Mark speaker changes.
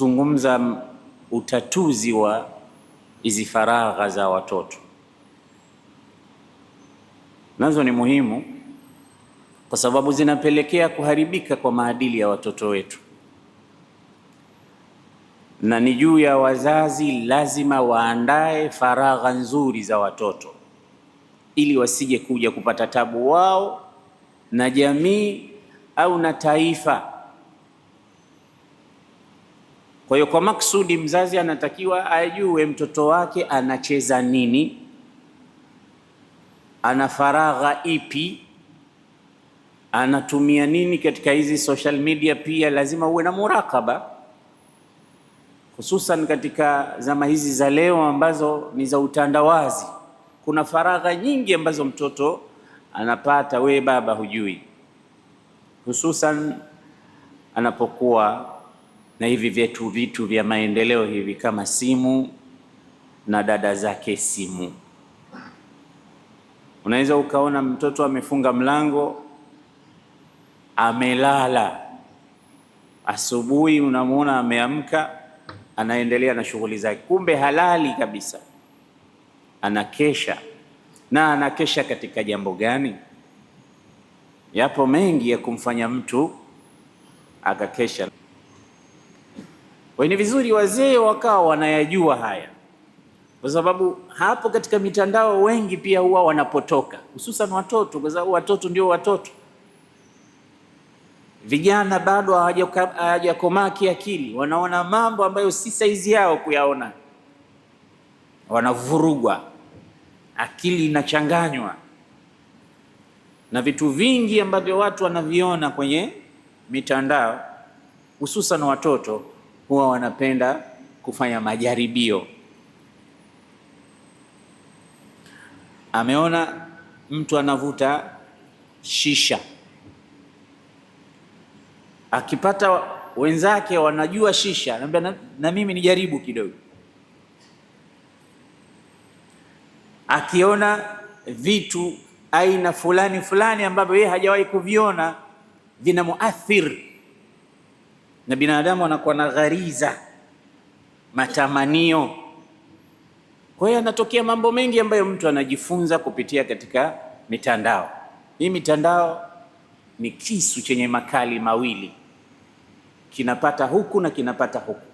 Speaker 1: zungumza utatuzi wa hizi faragha za watoto, nazo ni muhimu kwa sababu zinapelekea kuharibika kwa maadili ya watoto wetu, na ni juu ya wazazi, lazima waandae faragha nzuri za watoto ili wasije kuja kupata tabu wao na jamii au na taifa kwa hiyo kwa maksudi, mzazi anatakiwa ajue mtoto wake anacheza nini, ana faragha ipi, anatumia nini katika hizi social media. Pia lazima uwe na murakaba, hususan katika zama hizi za leo ambazo ni za utandawazi. Kuna faragha nyingi ambazo mtoto anapata, we baba hujui, hususan anapokuwa na hivi vyetu vitu vya maendeleo hivi kama simu na dada zake simu. Unaweza ukaona mtoto amefunga mlango amelala, asubuhi unamwona ameamka, anaendelea na shughuli zake, kumbe halali kabisa, anakesha. Na anakesha katika jambo gani? Yapo mengi ya kumfanya mtu akakesha. Kwa hiyo ni vizuri wazee wakawa wanayajua haya, kwa sababu hapo katika mitandao wengi pia huwa wanapotoka, hususan watoto, kwa sababu watoto ndio watoto. Vijana bado hawajakomaa kiakili, wanaona mambo ambayo si saizi yao kuyaona, wanavurugwa, akili inachanganywa na vitu vingi ambavyo watu wanaviona kwenye mitandao, hususan watoto huwa wanapenda kufanya majaribio. Ameona mtu anavuta shisha, akipata wenzake wanajua shisha, anambia na, na mimi nijaribu kidogo. Akiona vitu aina fulani fulani ambavyo yeye hajawahi kuviona vinamuathiri na binadamu anakuwa na ghariza, matamanio. Kwa hiyo anatokea mambo mengi ambayo mtu anajifunza kupitia katika mitandao hii. Mitandao ni kisu chenye makali mawili, kinapata huku na kinapata huku.